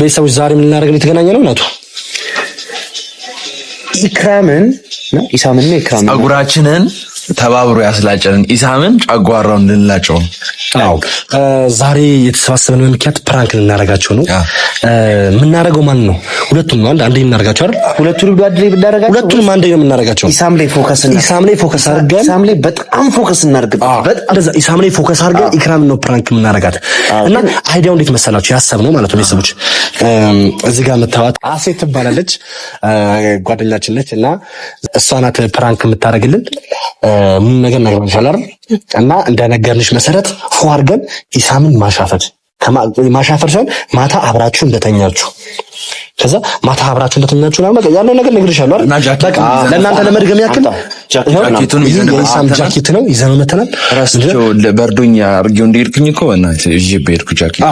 ቤተሰቦች ዛሬ ምን ልናደርግ የተገናኘ ነው እናቱ ኢክራምን ነው ኢሳምን ነው ኢክራምን ጸጉራችንን ተባብሮ ያስላጨንን ኢሳምን ጨጓራውን እንድንላጨው። አዎ ዛሬ የተሰባሰብን ምክንያት ፕራንክ ልናደርጋቸው ነው። የምናደርገው ማን ነው? ሁለቱም ነው። አንድ አንዴ እናደርጋቸው አይደል? ሁለቱንም አንድ ላይ ብናደርጋቸው፣ ሁለቱንም አንዴ ነው የምናደርጋቸው ኢሳም ላይ ፎከስ እና ኢሳም ላይ ፎከስ አድርገን ኢሳም ላይ በጣም ፎከስ እናድርግ። በጣም እንደዛ ኢሳም ላይ ፎከስ አድርገን ኢክራም ነው ፕራንክ የምናደርጋት እና አይዲያው እንዴት መሰላችሁ? ያሰብነው ማለት ነው ቤተሰቦች እዚህ ጋር የምታዋት አሴ ትባላለች፣ ጓደኛችን ነች እና እሷ ናት ፕራንክ የምታደርግልን። ምን ነገር ነግረንሻል እና እንደነገርንሽ መሰረት ፎ አድርገን ኢሳምን ማሻፈር ማሻፈር ሲሆን ማታ አብራችሁ እንደተኛችሁ ከዛ ማታ አብራችሁ ለተኛችሁ ነው በቃ ያለው ነገር ነግሬሻለሁ አይደል? በቃ ለእናንተ ለመድገም ያክል ጃኬቱን ይዘን ጃኬት ነው ይዘን መተናል። ራስቸው በርዶኛ አድርጌው እንደሄድኩኝ እኮ በእናትህ ይዤ በሄድኩ ጃኬት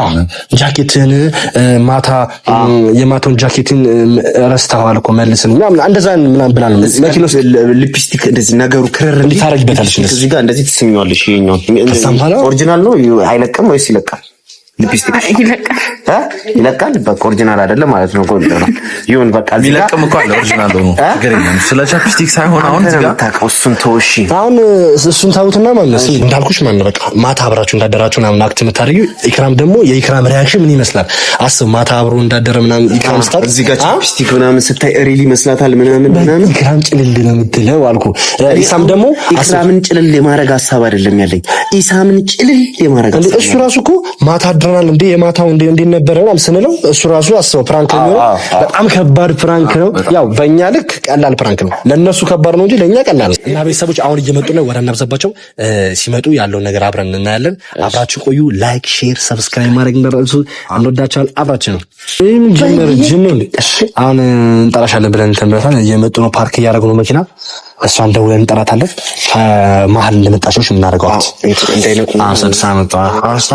ጃኬትን ማታ የማታውን ጃኬትን ረስተዋል እኮ መልስን ምናምን እንደዛ ምናምን ብላ ነው መኪና ውስጥ ሊፕስቲክ እንደዚህ ነገሩ ክርር እንዲታረጅበታል። እዚህ ጋር እንደዚህ ትስሚዋለሽ። ይኸኛው ኦሪጂናል ነው አይለቅም ወይስ ይለቃል? ሊፕስቲክ ይለቃል። በቃ ኦሪጂናል አይደለም ማለት ነው። ጎልድ ነው። ይሁን በቃ ቢለቅም እኮ አለ ኦሪጂናል ነው። ስለ ቻፕስቲክ ሳይሆን አሁን እዚህ ጋር እሱን ተውሽ። አሁን እሱን ታውትና ማለት ነው እንዳልኩሽ ማለት በቃ ማታ አብራችሁ እንዳደራችሁ ምናምን አክት የምታደርጊው ኢክራም ደግሞ የኢክራም ሪያክሽን ምን ይመስላል አስብ። ማታ አብሮ እንዳደረ ምናምን ኢክራም ስታት እዚህ ጋር ቻፕስቲክ ምናምን ስታይ ሪሊ ይመስላታል ምናምን ምናምን ኢክራም ጭልል ነው የምትለው አልኩ። ኢሳም ደግሞ ኢክራምን ጭልል የማረግ ሀሳብ አይደለም ያለኝ ኢሳምን ጭልል የማረግ እሱ ራሱ እኮ ማታ ይቀራል እንዴ የማታው እንዴ እንዴ ነበር ስንለው እሱ ራሱ አስበው ፕራንክ ነው። በጣም ከባድ ፕራንክ ነው። ያው በእኛ ልክ ቀላል ፕራንክ ነው፣ ለነሱ ከባድ ነው እንጂ ለኛ ቀላል ነው። እና ቤተሰቦች አሁን እየመጡ ነው፣ ወደ እናብዛባቸው ሲመጡ ያለውን ነገር አብረን እናያለን። አብራችሁ ቆዩ። ላይክ፣ ሼር፣ ሰብስክራይብ ማድረግ እንደረሱ አንወዳቸዋል። አብራችሁ ነው ጅምር ጅምር አሁን እንጠራሻለን ብለን ተምረታል። እየመጡ ነው፣ ፓርክ እያደረጉ ነው መኪና እሷን ደውለን እንጠራታለን። ከመሀል እንደመጣች ነው የምናደርገው። መጣ አስታ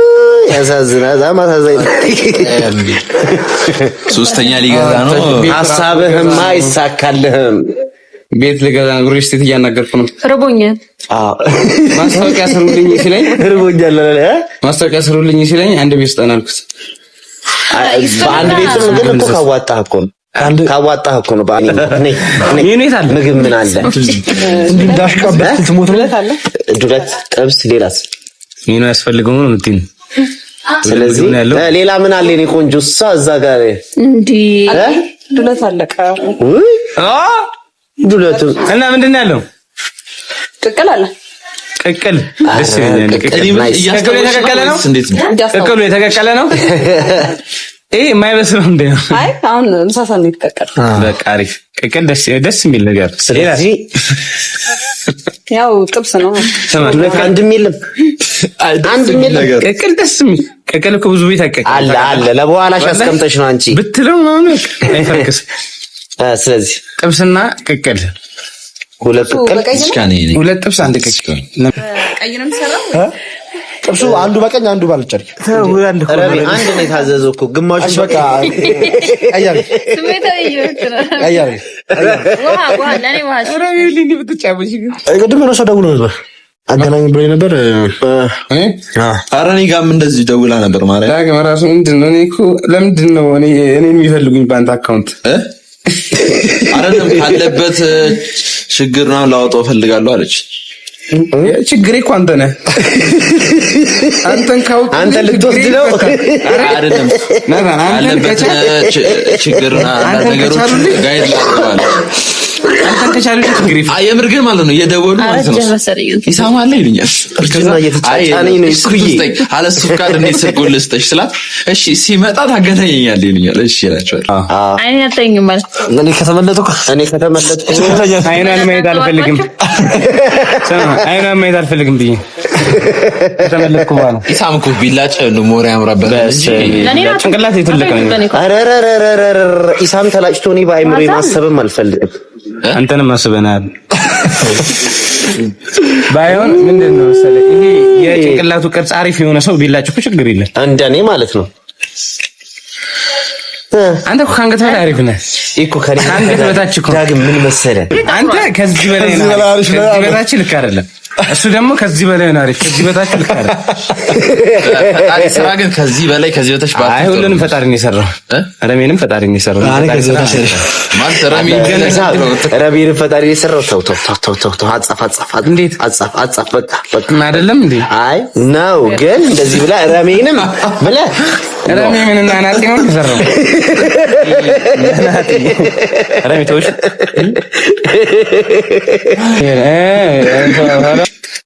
ያሳዝናል። በጣም አሳዛኝ። ሶስተኛ ሊገዛ ነው። ሀሳብህማ አይሳካልህም። ቤት ልገዛ ነው። ሪል ስቴት እያናገርኩ ነው። ርቦኛል። ማስታወቂያ ስሩልኝ ሲለኝ ርቦኛል ማስታወቂያ ስሩልኝ ሲለኝ አንድ ቤት ስጠን አልኩት። በአንድ ቤት ግን እኮ ካዋጣህ እኮ ነው ካዋጣህ እኮ ነው። ምግብ ምን አለ ዱለት፣ ጥብስ፣ ሌላስ ሚኖ ያስፈልገው ነው የምትይኝ ስለዚህ ሌላ ምን አለ? እኔ ቆንጆ እሷ እዛ ጋር እንዲ ዱለት አለቀ። ዱለቱ እና ምንድን ነው ያለው? ቅቅል አለ። ቅቅል ደስ ይለኛል። ቅቅል የተቀቀለ ነው። ቅቅሉ የተቀቀለ ነው። ይሄ የማይበስል ነው እንዴ? አይ አሁን ምሳ ነው የተቀቀለ። በቃ አሪፍ ቅቅል፣ ደስ የሚል ነገር ስለዚህ ያው ጥብስ ነው። አንድም የለም አንድም የለም። ቅቅል ደስ የሚል ቅቅል እኮ ብዙ ቤት አቀቅ አለ አለ። ለበኋላሽ አስቀምጠሽ ነው አንቺ ብትለው ምናምን አይፈርክስ። ስለዚህ ጥብስና ቅቅል ሁለት ቅቅል ሁለት ጥብስ አንድ ቅቅል ቀይ ነው የሚሰራው ጥብሱ አንዱ በቀኝ አንዱ ባልጨርቅ አንድ ነው የታዘዘው እኮ ግማሹ ቅድም እራሷ ደውሎ ነበር አገናኝ ብሎ ነበር። ኧረ ጋም እንደዚህ ደውላ ነበር። ማርያም እራሱ ምንድን ነው እኔ እኮ ለምንድን ነው እኔ የሚፈልጉኝ በአንተ አካውንት አረንም ካለበት ችግር ምናምን ላወጣው እፈልጋለሁ አለች። ችግሬ እኮ አንተ ነህ። አንተን ካው አንተ ልትወስድ ነው አይደለም? ችግር ነገሮች ጋይድ የምር ግን ማለት ነው የደወሉ ማለት ነው ይሳማል ይሉኛል። አለሱ ካድ እንዴት ስልኩን ልስጥሽ ስላት እሺ ሲመጣ ታገናኘኛለህ ይሉኛል። እሺ ማለት እኔ ከተመለጥኩ እኔ ከተመለጥኩ አይኗን ማየት አልፈልግም፣ አይኗን ማየት አልፈልግም ብዬ ከተመለጥኩ በኋላ ቢላጭ ነው ሞሪ ያምራበት ጭንቅላት የተለቀ ነው። ኢሳም ተላጭቶ እኔ በአይምሮ ማሰብም አልፈልግም አንተንም አስበናል። ባይሆን ምንድን ነው መሰለህ ይሄ የጭንቅላቱ ቅርጽ አሪፍ የሆነ ሰው ቢላችሁ ችግር የለም። እንደኔ ማለት ነው። አንተ እኮ ከአንገት በላይ አሪፍ ነህ እኮ ከአንገት በታች እኮ ዳግም ምን መሰለህ አንተ ከዚህ በላይ ነህ። ከዚህ አሪፍ ልክ አይደለም እሱ ደግሞ ከዚህ በላይ ነው አሪፍ። ከዚህ በታች ልክ አይደል? ፈጣሪ ስራ ግን ከዚህ በላይ ከዚህ በታች ባታ። አይ ሁሉንም ፈጣሪ ነው የሰራው። ረሜንም ፈጣሪ ነው የሰራው። ረሜንም ፈጣሪ ነው የሰራው። ተው ተው ተው ተው ተው። አጻፍ አጻፍ እንዴት አጻፍ አጻፍ። በቃ በቃ አይደለም እንዴ? አይ ነው ግን እንደዚህ ብላ ረሜንም ብላ ረሜ ምን እና ናቲ ነው የሰራው። ረሜ ተውሽ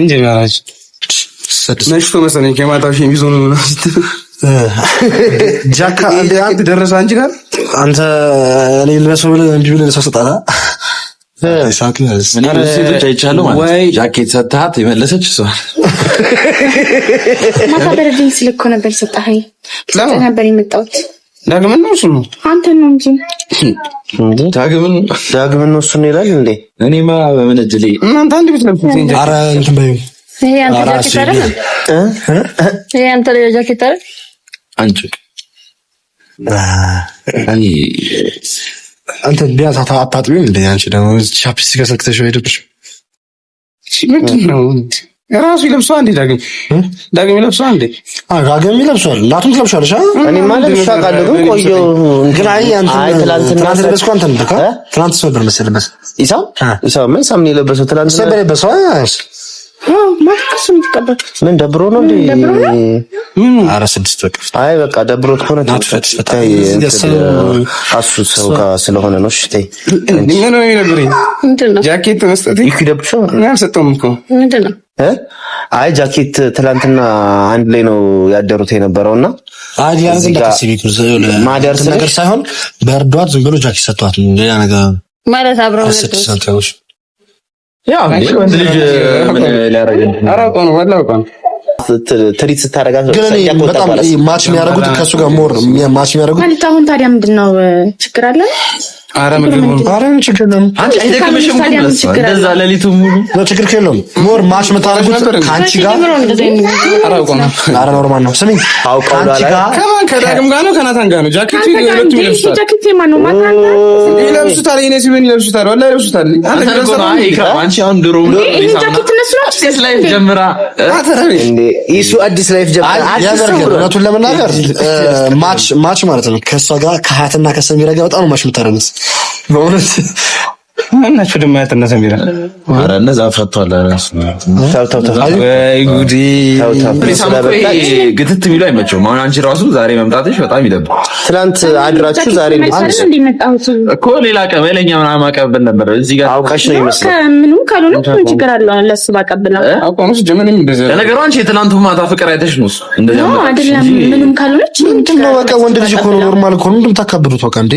እንጂ ያራች መሰለኝ ሸሚዝ ሆኖ ነው ጃካ አንተ ደረሰ አንቺ ጋር አንተ እኔ ብለህ ጃኬት ሰጥሃት የመለሰች ማታ በረድኝ ስልክ እኮ ነበር ሰጣኸኝ ነበር የመጣሁት ዳግምን ነው እሱን አንተ ነው እንጂ እንዴ ዳግምን ዳግምን ነው እሱን ይላል እንዴ? እኔማ በምን እድል እናንተ አንድ ቤት ለምትይ እንጂ። ኧረ እንትን በይው። ይሄ አንተ ጃኬት አይደል? ይሄ አንተ ጃኬት አይደል? አንቺ አይ አንተ ቢያንስ አታጥቢም እንዴ? አንቺ ደግሞ ቻፕስቲክ ከሰክተሽ ወይ ደብሽ ምንድን ነው እንዴ? ራሱ ይለብሷል እንዴ? ዳግም ዳግም ይለብሷል እንዴ? አይ ዳግም ይለብሰዋል። እናቱም ትለብሻለሽ። እኔ ማለት ሻቃለ ግን ቆየ ግን አይ አንተ ትናንት ለበስኩ አንተ ነበር ትናንት ሰበር መሰለህ ለበሰ ኢሳው ኢሳው ምን ሳምን የለበሰው ትናንት ሰበር የለበሰው ምን ደብሮ ነው እንዴ? ኧረ ስድስት በቃ አይ በቃ ደብሮት ከሆነ እሱ ሰው ጋር ስለሆነ ነው። እሺ ተይ ጃኬት መስጠት ይደብሻል። አልሰጠውም እኮ ምንድን ነው አይ ጃኬት ትላንትና አንድ ላይ ነው ያደሩት የነበረውና ነገር ሳይሆን በእርዷት ዝም ብሎ ጃኬት ሰጥቷት ሌላ ነገር ማለት አብረው ትሪት ስታደርጋት ማች የሚያደርጉት ከእሱ ጋር ሞር ማች የሚያደርጉት ታዲያ ምንድን ነው ችግር አለን አረ ምግብ አረ ችግር ነው። አንቺ አይደክምሽም? እንደዛ ለሊቱ ሙሉ ነው ችግር የለውም። ሞር ማሽ የምታደርጉት ከአንቺ ጋር አረ ኖርማል ነው። ስሚ ከአንቺ ጋር ከማን ከዳግም ጋር ነው ከናታን ጋር ነው። ጃኬቱ ሁለቱም ይለብሱታል። ጃኬቱ ማነው ማታን ይለብሱታል። እኔ ሲሆን ይለብሱታል። ወላ ይለብሱታል። አንቺ አሁን ድሮ ጃኬት እነሱ አዲስ ላይፍ ጀምራ እሱ አዲስ ላይፍ ጀምራ እውነቱን ለመናገር ማች ማች ማለት ነው ከእሷ ጋር ከሀያትና ከሰሚራ ጋር በጣም ማች የምታደርጉት በእውነት እናችሁ ደማ ያተነ ሰሚራ አረ እነዛ ፈቷል። አራስ ግትት የሚሉ አይመቸውም። አሁን አንቺ ራሱ ዛሬ መምጣትሽ በጣም ይደብር። ትናንት አድራችሁ ዛሬ እኮ ሌላ ቀበለኛ ምናምን አቀብል ነበር። እዚህ ጋር አውቃሽ ነው ይመስላል። ምንም ካልሆነ ምን ችግር አለው? ለሱ ባቀብላ አቋምሽ ጀመንም እንደዛ ለነገሩ አንቺ የትናንቱ ማታ ፍቅር አይተሽ ነው እንደዛ ማለት አይደለም። ምንም ካልሆነች ነው በቃ ወንድ ልጅ እኮ ነው ኖርማል እኮ ነው እንደምታካብዱት በቃ እንዴ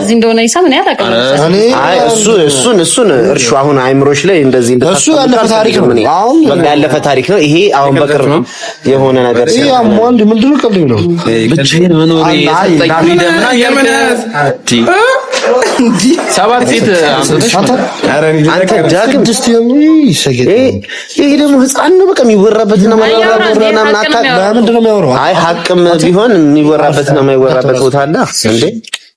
እዚህ እንደሆነ ይሳም እኔ አላውቅም። አይ እሱ እሱን እሱን እርሹ አሁን አይምሮሽ ላይ እንደዚህ እሱ ያለፈ ታሪክ ነው። አሁን በቃ ያለፈ ታሪክ ነው። ይሄ አሁን በቅርብ የሆነ ነገር ሲል አንድ ቀልድ ነው ብቻዬን ሰባት ሴት ይሄ ደግሞ ህፃን ነው። በቃ የሚወራበት ነው ማይወራበት። ሀቅም ቢሆን የሚወራበት ቦታ አለ እንዴ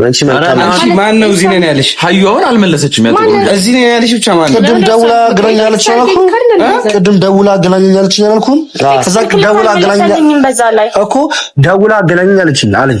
ማን ነው እዚህ ነን ያለሽ? ሀዩ አሁን አልመለሰችም። እዚህ ነን ያለሽ ብቻ ማን ቅድም ደውላ አገናኝ ያለች አላልኩም? ቅድም ደውላ አገናኝ ያለች አላልኩም? ከዛ ደውላ አገናኝ እኮ ደውላ አገናኝ ያለች አለኝ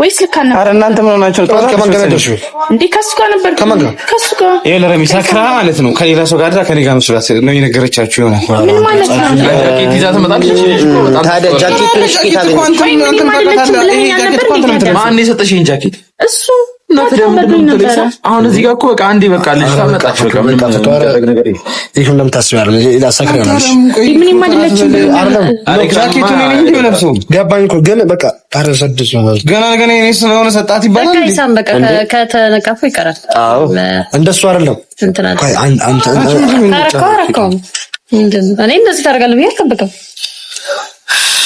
ወይስ ልክ አልነበረ? ኧረ እናንተ ምን ሆናችሁ ነው? ከማን ጋር ነበር? እንዴ ከሱ ጋር ነበር። ከማን ጋር? ከሱ ጋር። ይኸውልህ ረሚ ሰክራ ማለት ነው ከሌላ ሰው ጋር ከኔ ጋር መስሏት ነው የነገረቻችሁ። ይሆናል ምን ማለት ነው? ጃኬት ይዛ ትመጣለች። ታዲያ ጃኬት ትንሽ ጌታ ነው። ማን ነው የሰጠሽኝ ጃኬት? እሱ አሁን እዚህ ጋር እኮ በቃ አንዴ በቃ ልጅ ታመጣች። ለምታስብ ያለ ላሳክር ይሆናል። ምን ይማድለችም ጃኬቱን እንዲሁ ለብሰው ገባኝ እኮ ግን በቃ አረ ሰድስ ይሆናል። ገና ገና እኔ ስለሆነ ሰጣት ይባላል። ከተነቀፉ ይቀራል። እንደሱ አይደለም እኔ እንደዚህ ታደርጋለህ ብዬ አልጠብቅም።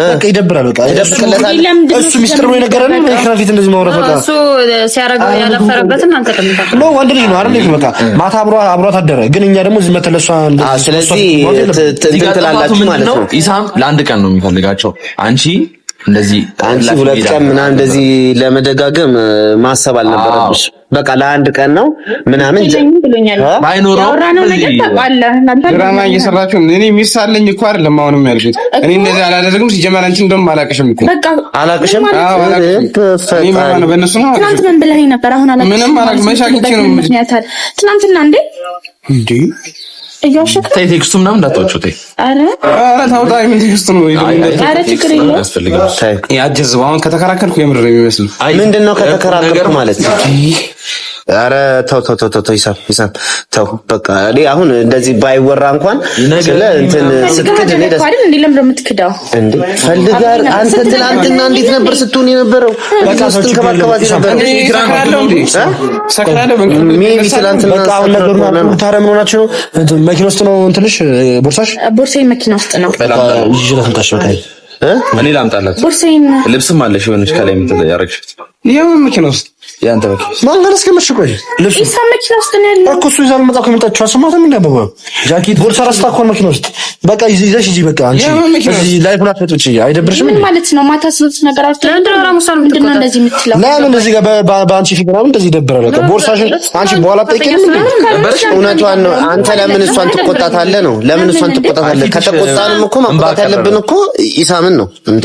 በቃ ይደብራል። በቃ እሱ ሚስጥር ነው የነገረን። ኢክራም ፊት እንደዚህ ማውራት በቃ እሱ ሲያረገው ያላፈረበትን አንተ ነው ወንድ ልጅ ነው አይደል? በቃ ማታ አብሮ አብሯት አደረ። ግን እኛ ደግሞ እዚህ መተለሷ አንድ ስለዚህ እንትን ማለት ነው። ኢሳም ለአንድ ቀን ነው የሚፈልጋቸው አንቺ እንደዚህ አንቺ ሁለት ቀን ምናምን እንደዚህ ለመደጋገም ማሰብ አልነበረብሽ። በቃ ለአንድ ቀን ነው ምናምን ባይኖረው ድራማ እየሰራችሁ እኔ ሚስት አለኝ እኮ አይደለም አሁንም ያልሽት። እኔ እንደዚህ አላደረግም። ሲጀመር አንቺ እንደውም አላቅሽም እኮ አላቅሽም። ትናንት ምን ብለኸኝ ነበር? አሁን አላቅሽም ምንም አላቅም። መቼ አግኝቼ ነው? ትናንትና እንዴ እንዴ እያሸከረ ቴክስቱ ምናምን እንዳታወጪው። ተይ፣ ኧረ ኧረ ችግር የለውም ያስፈልጋል። አሁን ከተከራከርኩ የምር ነው ምንድን ነው ከተከራከርኩ ማለት ነው አረ ተው ተው ተው ተው ሂሳም ሂሳም ተው በቃ። እኔ አሁን እንደዚህ ባይወራ እንኳን ስለ እንትን ስትክድ እኔ ደስ አይደል እንዴ? ለምን የምትክዳው እንዴ? ፈልጋር አንተ ትናንትና እንዴት ነበር ስትሆን የነበረው? በቃ ከባከባት ነበር እንዴ? ሜቢ ትናንትና በቃ አሁን ነገሩን ታረ ምን ሆናችሁ ነው? መኪና ውስጥ ነው እንትንሽ ቦርሳሽ ቦርሳዬ መኪና ውስጥ ነው። በቃ ይዤ ላምጣሽ በቃ እኔ ላምጣላት። ቦርሳዬን ልብስም አለሽ የሆነች ከላይ የምትያረግሽት ይሄው መኪና ውስጥ ያንተ መኪና ማን ጋር እስከመሽ ቆይ ልብስ ኢሳ መኪና ውስጥ ነው ያለው እኮ እሱ ይዛል መጣ ከመጣችሁ አስማት ምን ያበባ ጃኬት ቦርሳ ረስታ እኮ መኪና ውስጥ በቃ ይዘሽ ሂጂ በቃ አንቺ እዚህ ላይ ሁላ ፈጥጪ አይደብርሽም ምን ማለት ነው ማታ ስንት ነገር አውጥተን ለምን ራሙሳ ምንድን ነው እንደዚህ የምትለው ለምን እንደዚህ ጋር በአንቺ ፊግራ ምን እንደዚህ ይደብራል በቃ ቦርሳሽን አንቺ በኋላ ጠይቂኝ ምን ደብርሽ እውነቷን ነው አንተ ለምን እሷን ትቆጣታለህ ነው ለምን እሷን ትቆጣታለህ ከተቆጣንም እኮ ማቆጣት ያለብን እኮ ኢሳምን ነው እንዴ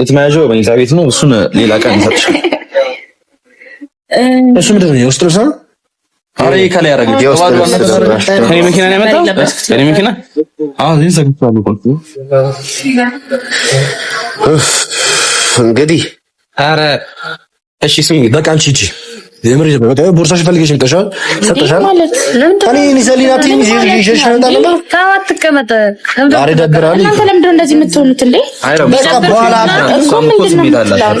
የተመያዣው መኝታ ቤት ነው። እሱን ሌላ ቀን ሰጥሽ። እሱ ምንድን ነው የውስጥ ልብስ ነው። አሬ ከላይ ያደረግን ከኔ መኪና ነው ያመጣው። ከኔ መኪና እንግዲህ ኧረ እሺ ስሚ በቃ አንቺ ሂጂ የምር ቦርሳሽ ፈልገሽ ምጠሻል ሰጠሻል ማለት እኔ ንሰሊናት ይሽሽ ነውታለና ታዋት ተቀመጠ አረ ደብራል እናንተ ለምንድን እንደዚህ የምትሆኑት እንዴ? በቃ በኋላ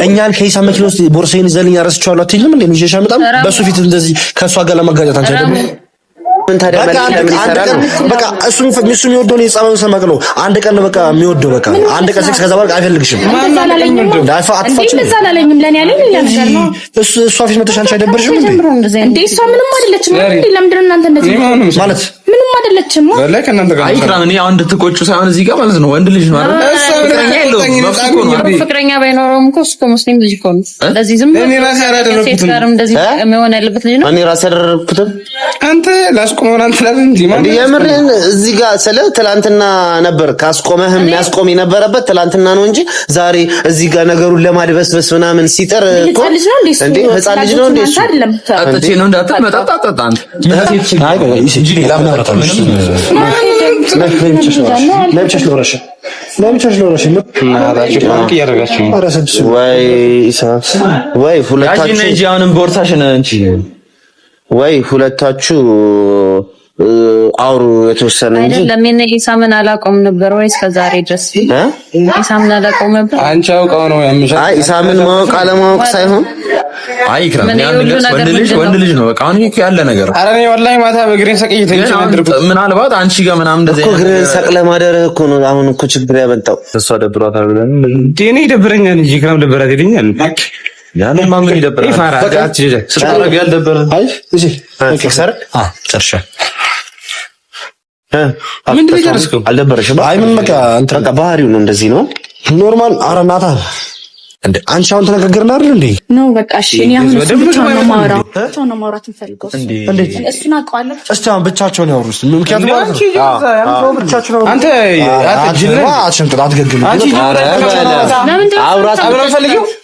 እኛን ከሂሳ መኪና ውስጥ ቦርሳዬን ይዘልኝ ረስቼዋለሁ አትይልም እንዴ? ይሽሽ በጣም በሱ ፊት እንደዚህ ከእሷ ጋር ለመጋጨት አንቺ አይደለም በቃ እሱ የሚወደው የጸባዩን ሰመቅ ነው። አንድ ቀን በቃ የሚወደው በቃ አንድ ቀን ሴክስ፣ ከዛ በኋላ አይፈልግሽም። እሷ ፊት መተሽ አንቺ አይደበርሽም ማለት ምንም አይደለችም። ሳይሆን እዚህ ጋር ማለት ነው ወንድ ልጅ ነው ፍቅረኛ ባይኖረውም እኮ እሱ ሙስሊም ልጅ እኮ ነው። እንደዚህ ዝም ብሎ እኔ ራሴ ያደረኩትም አንተ አስቆመን አንትላለን እንጂ የምሬን እዚህ ጋር ስለ ትላንትና ነበር ካስቆመህ የሚያስቆም የነበረበት ትላንትና ነው እንጂ ዛሬ እዚህ ጋር ነገሩን ለማድበስበስ ምናምን ሲጥር ህፃን ልጅ ነው እንዴ? ነው ወይ ሁለታችሁ አሁንም ቦርሳሽን እንጂ ወይ ሁለታችሁ አውሩ የተወሰነ እንጂ ለምን ኢሳምን አላውቀውም ነበር ወይ እስከዛሬ ድረስ ኢሳምን አላውቀውም ነበር። አንቺ አውቀው ነው ያምሽ። አይ ኢሳምን ማወቅ አለማወቅ ሳይሆን አይ ኢክራም፣ ወንድ ልጅ ወንድ ልጅ ነው በቃ ያለ ነገር። ኧረ እኔ ወላሂ ማታ በእግሬን ሰቅዬ ተኝቼ ነበር። ምናልባት አንቺ ጋር ምናምን እንደዚህ እኮ እግሬን ሰቅለ ማደረህ እኮ ነው አሁን እኮ ችግር ያመጣው። እሷ ደብሯታል ብለን እንዴ? እኔ ይደብረኛል እንጂ ኢክራም ደብራት ይለኛል ያንን ማመን ይደብራል። ባህሪው ነው እንደዚህ ነው። ኖርማል አረናታ እንደ አንቺ አሁን ተነጋገርን አይደል እንዴ? ነው በቃ እሺ። እኔ አሁን ነው ማውራው ነው ማውራት እንፈልገው እሱን አውቀዋለሁ። እስቲ አሁን ብቻቸውን ያወሩስ ምክንያቱም አንተ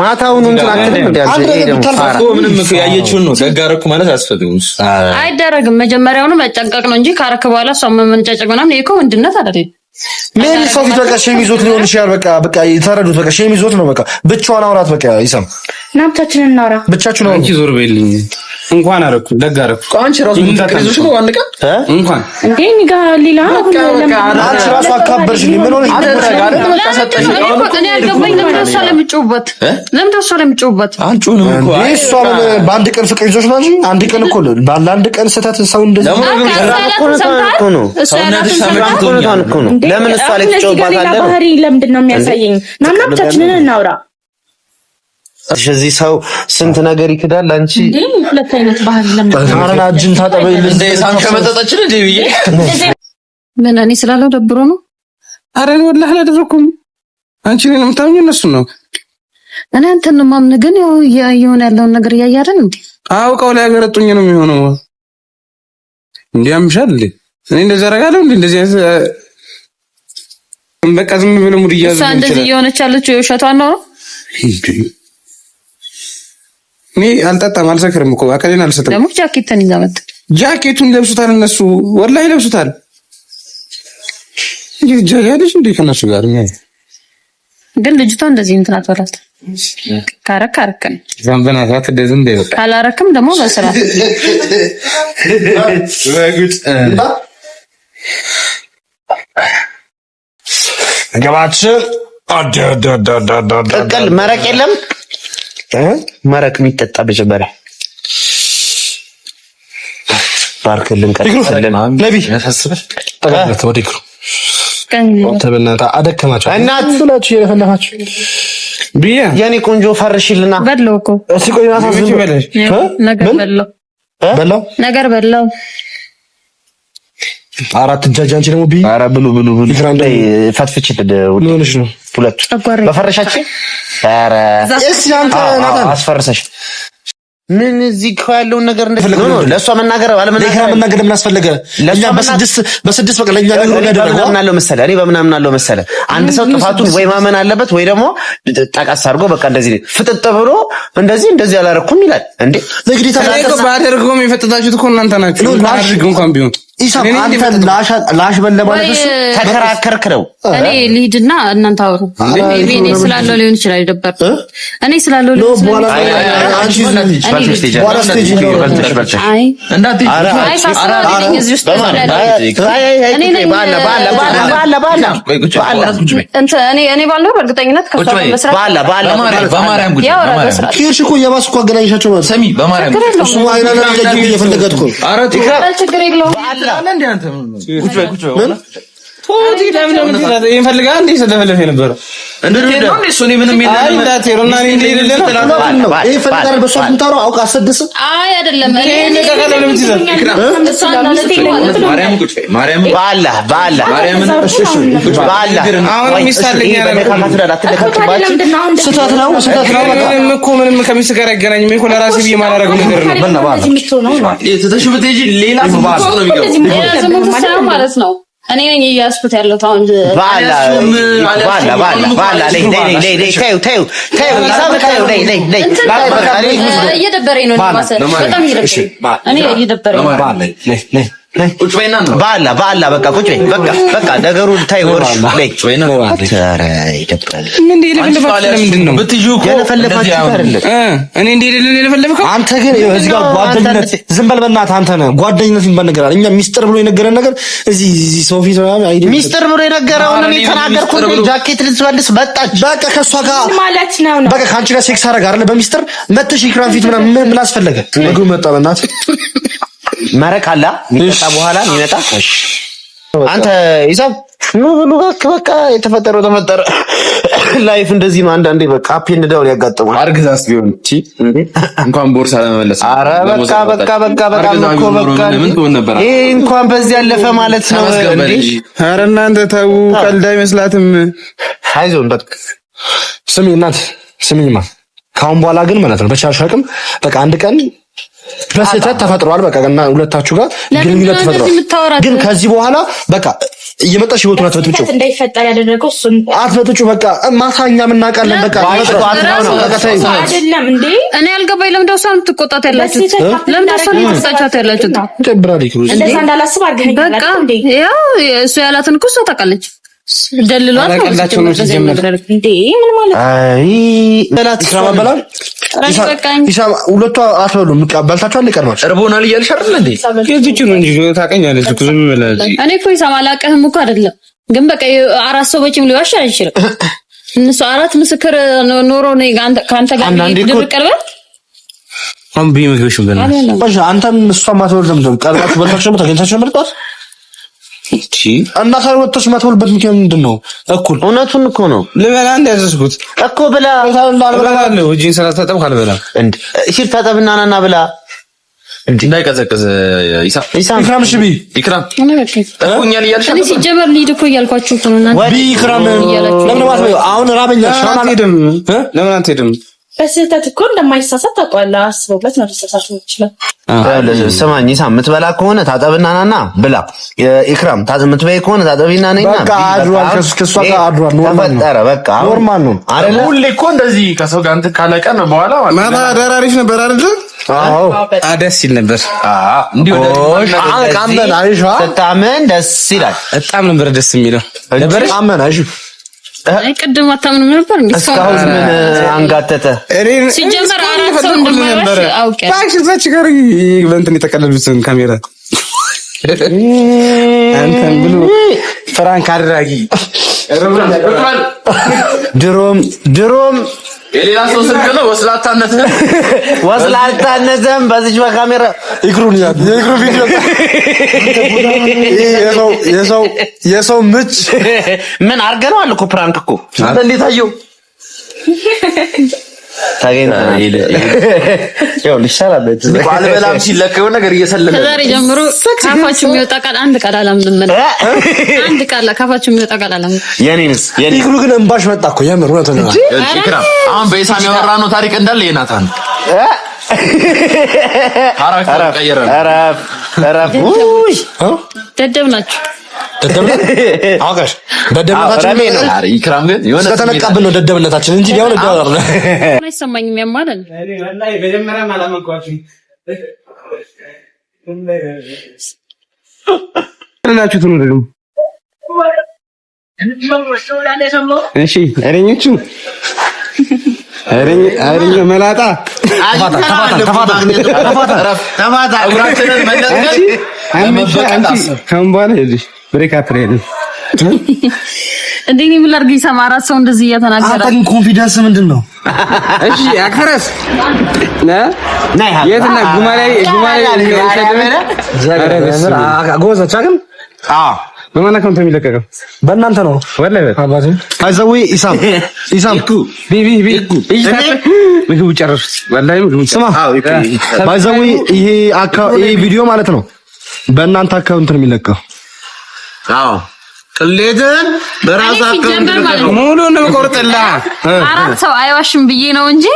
ማታውን ያየችውን ነው ደግ አይደረግም። መጀመሪያውኑ መጨንቀቅ ነው እንጂ ካረክ በኋላ እሷ መመንጨጭቅ ምናምን ይሄ እኮ ምንድነት አይደለም። ሜቢ ሰው ፊት በቃ ሸሚዞት ሊሆን ይችላል። በቃ በቃ የተረዱት በቃ ሸሚዞት ነው። በቃ ብቻዋን አውራት። በቃ ይሰማ ናብታችን እናውራ ነው እንጂ ዞር በልኝ እንኳን አደረኩ ለጋ አደረኩ። አንቺ ራሱ ምትቀሪዙሽ ነው አንቀ እንኳን እንዴ ንጋ ሌላ አንቺ ራሱ አካበርሽ። ምን ሆነሽ ነው? በአንድ ቀን ፍቅር ይዞሽ ነው እንጂ አንድ ቀን እኮ አንድ ቀን ስህተት ሰው እንደዚህ ለምን እሷ ለምንድን ነው የሚያሳየኝ? እናምናብቻችንን እናውራ እዚህ ሰው ስንት ነገር ይክዳል። አንቺ ሁለት አይነት ባህል ለምን አጅን ታጠበይል እንደ ሳም ከመጠጣችን እኔ ስላለው ደብሮ ነው። አረ ወላሂ አላደረኩም። አንቺ እኔን የምታምኝ እነሱ ነው። እኔ አንተን ነው የማምን፣ ግን ያው የሆነ ያለውን ነገር እያያረን እንዴ አውቀው ላይ ያገረጡኝ ነው የሚሆነው። እንዴ አምሻል እንዴ እኔ እንደዛ አደርጋለሁ እንዴ እንደዚህ በቃ ዝም ብሎ ሙድ እያዘ እንደዚህ እየሆነች ያለችው የውሸቷን ነው። እኔ አልጠጣም፣ አልሰክርም እኮ አካሌን አልሰጥም። ደግሞ ጃኬትን ይዛ መጣ። ጃኬቱን ይለብሱታል እነሱ፣ ወላሂ ይለብሱታል። ይጃያለሽ እንዴ ከነሱ ጋር ግን ልጅቷ እንደዚህ እንትን አትበላት። ካረክ ካረክን ዘንበናታት እንደዚህ እንደይወጣ ካላረክም ደግሞ በስራ ገባች። አዳ መረቅ የለም መረቅ የሚጠጣ መጀመሪያ ባርክልን ቀጥልን ነቢ ተበናታ አደከማቸው እናት ብላችሁ እየለፈለፋችሁ ብዬ የኔ ቆንጆ ፈርሽልና በለው እኮ እስኪ ቆይ ነገር በላው ነገር በላው አራት እጃጅ አንቺ ደግሞ ብይ። ኧረ ብሉ ብሉ ብሉ። ፈትፍች ሆነሽ ነው ሁለቱ በፈረሻችን። ኧረ አስፈርሰሽ ምን እዚህ እኮ ያለውን ነገር እንደፈለገ ነው። ለእሷ መናገር አለመናገር መናገር ምን አስፈለገ? ለእኛ በስድስት በስድስት በቃ ለእኛ ነገር እንደደረገው ምን አለው መሰለህ፣ እኔ በምን አምናለው መሰለህ፣ አንድ ሰው ጥፋቱን ወይ ማመን አለበት ወይ ደግሞ ጠቀስ አድርጎ በቃ እንደዚህ ፍጥጥ ብሎ እንደዚህ እንደዚህ አላረኩም ይላል እንዴ። ለግዴታ ባደርገውም የፈጠጣችሁት እኮ እናንተ ናችሁ። አድርግ እንኳን ቢሆን ኢሳም አንተን ላሽ በለማለት እሱ ተከራከርክ ነው። እኔ ልሂድና እናንተ አውሩ። እኔ ስላለው ሊሆን ይችላል ደበር እኔ ስላለው ሊሆን ይችላል። እኔ ባለው በእርግጠኝነት በማርያም ምን ቁጭ በይ ቁጭ በይ ፎዚ የነበረው እንዴ ነው እንዴ ሱኒ ምንም ከሚስት ጋር አይገናኝም እኮ ለራሴ ብዬ ማላረገው ነገር ነው እኔ ነኝ እያስኩት ያለው ቁጭ በይና ነው በቃ ቁጭ በይ በቃ በቃ ታይ ወርሽ ላይ ቁጭ በይና ነው አረ ይደብራል አንተ ግን እዚህ ጋር ጓደኝነት ዝም በል በእናትህ አንተ ነህ ጓደኝነት የሚባል ነገር አለ እኛ ሚስጥር ብሎ የነገረን ነገር እዚህ እዚህ ሚስጥር ብሎ የነገረውን እኔ ጃኬት ልትመልስ መጣች በቃ ከእሷ ጋር ማለት ነው በቃ ከአንቺ ጋር ሴክስ አይደለ በሚስጥር መተሽ ፊት ምን አስፈለገ መጣ በእናትህ መረቅ አለ የሚጠጣ በኋላ የሚመጣ አንተ ኢሳብ ኑ ብሉ በቃ የተፈጠረው ተፈጠረ። ላይፍ እንደዚህ ነው። አንዳንዴ በቃ አፕ ኤንድ ዳውን ያጋጥማል። አርግዛስ ቢሆን እቺ እንኳን ቦርሳ ለመመለስ አረ በቃ በቃ በቃ በቃ እኮ በቃ ምን ትሆን ነበር? ይሄ እንኳን በዚህ ያለፈ ማለት ነው እንዴ! ኧረ እናንተ ተው፣ ቀልድ አይመስላትም። አይዞን በቃ ስሚ እናት ስሚኝማ፣ ካሁን በኋላ ግን ማለት ነው በቻልሽ አቅም በቃ አንድ ቀን በስህተት ተፈጥሯል። በቃ እና ሁለታችሁ ጋር ግንኙነት ተፈጥሯል። ግን ከዚህ በኋላ በቃ እየመጣሽ ህይወቱን አትበጥብጩ፣ እንዳይፈጠር ያደረገው እሱ አትበጥጩ። በቃ ማሳኛ የምናውቃለን። በቃ አይደለም እንዴ እኔ ያልገባኝ ለምን ደውሳ የምትቆጣት ያላችሁት? ለምን ደውሳ የምትቆጣት ያላችሁት? ጨብራሪ በቃ ያው እሱ ያላትን እኮ እሷ ታውቃለች። ደልሏል ነው እንዴ ምን ማለት አይ ሁለቱ አትበሉ በልታችኋል። ይቀርባል እርቦናል እያልሽ አይደል እንዴ? የዝች ነው እንጂ ታውቀኛለሽ እኮ ዝም እኔ እኮ ሂሳም አላውቅህም እኮ አይደለም። ግን በቃ አራት ሰው በቂም ሊዋሽ አይችልም። እነሱ አራት ምስክር ኖሮ ከአንተ ጋር ድብቅ አሁን ብዬሽ ምግብሽ ምንድን ነው? አንተም እሷም አትበልም። ቀርባችሁ በልታችሁ ተገኝታችሁ መርጧት እና ካልወጣች ማትበልበት ምክንያት ምንድን ነው? እኩል እውነቱን እኮ ነው። ልበላ እንዳያዘዝኩት እኮ ብላ እጅን ስላታጠብ ካልበላ ሲል ታጠብና ናና ብላ እንዳይቀዘቅዝ ኢክራም እሺ፣ ብይ ኢክራም እኛን እያልሽ እኔ ሲጀመር ልሂድ እኮ እያልኳችሁ እኮ ነው። ይክራም ለምን አሁን ራበኛ አትሄድም? ለምን አትሄድም? በስህተት እኮ እንደማይሳሳት ታውቀዋለህ። አስበውበት ነው ሊሳሳት ይችላል። ስማኝ ይሳም፣ የምትበላ ከሆነ ታጠብና ናና ብላ። ኢክራም የምትበይ ከሆነ ታጠቢና ነኝና። በቃ ኖርማል ነው አይደል? ሁሌ እኮ እንደዚህ ከሰው ጋር እንትን ነው በኋላ ማታ አዳር ነበር አይደል? ደስ ይል ነበር። ስታመን ደስ ይላል። በጣም ነበር ደስ የሚለው ነበርሽ። አመን አይሽ ቅድም አታምንም ነበር እስካሁን ምን ሲጀመር አራት ሰው ጋር በእንትን የተቀለሉትን ካሜራ አንተን ብሎ ፍራንክ አድራጊ ድሮም ድሮም የሌላ ሰው ስልክ ነው። ወስላታነት ወስላታነትህን በዚህ በካሜራ ይግሩን ያ ይግሩ ቪዲዮ የሰው የሰው የሰው ምች ምን አድርገነዋል እኮ ፕራንክ እኮ እንዴት አየው ታገኝታለሽአልበላም ሲለካ የሆነ ነገር እየሰለለ ከዛሬ ጀምሮ ካፋችሁ የሚወጣ ቃል አንድ ቃል አላምንም። አንድ ቃል ካፋችሁ የሚወጣ ቃል አላምንም። የኔንስ ይክሩ ግን እንባሽ መጣ እኮ የምር እውነት ነው። ኢክራም አሁን በኢሳም ያወራ ነው ታሪክ እንዳለ የናታን ደደብ ናችሁ። ደደብነት ነው ደደብነታችን እንጂ አይሰማኝም። ያማለን ናችሁ እሺ እረኞቹ አይደኛ መላጣ እንዴ እኔ ምን ሰው እንደዚህ እያተናገረ አንተ ኮንፊደንስ ምንድን ነው? እሺ አከረስ የት ነህ? ጉማ ላይ ጉማ ላይ በማን አካውንት የሚለቀቀው? በእናንተ ነው። ወላይ አባቴ አይዘዊ ኢሳም ኢሳም ቢ ቢ ቢ ምግቡ ጨረስኩት። ወላይ ምግቡ ስማ፣ አይዘዊ ይሄ አካ ይሄ ቪዲዮ ማለት ነው በእናንተ አካውንት ነው የሚለቀቀው። አዎ ቅሌትን በራስ አካውንት ነው ሙሉ ነው ቆርጥላ። አራት ሰው አይዋሽም ብዬ ነው እንጂ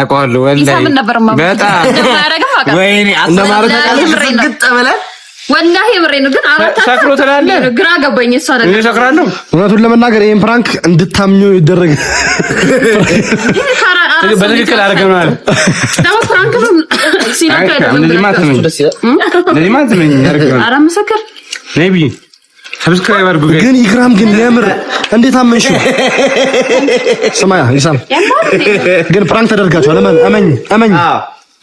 አውቀዋለሁ። ወላይ ኢሳም ነበር ማማ በጣም ወይኔ አቃ ወይኔ ግጥ ለምረኝ ወላሂ ብሬ ነው ግን አራት ሰክሮ ትላለህ። ግራ ገባኝ። እሷ ነገር እሰክራለሁ። እውነቱን ለመናገር ይሄን ፕራንክ እንድታምኙ ይደረግ በትክክል አድርገናል። ነው ነቢ ሰብስክራይብ አድርጉ። ግን ኢክራም ግን የምር እንዴት አመንሽው? ስማ ይሳም ግን ፕራንክ ተደርጋችኋል። አመኝ አመኝ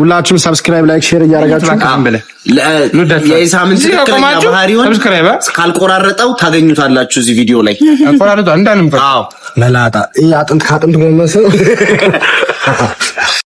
ሁላችሁም ሰብስክራይብ፣ ላይክ፣ ሼር እያደረጋችሁ የኢሳምን ትክክለኛ ባህሪውን ካልቆራረጠው ታገኙታላችሁ እዚህ ቪዲዮ ላይ እንዳንም መላጣ አጥንት ከአጥንት ጎመሰ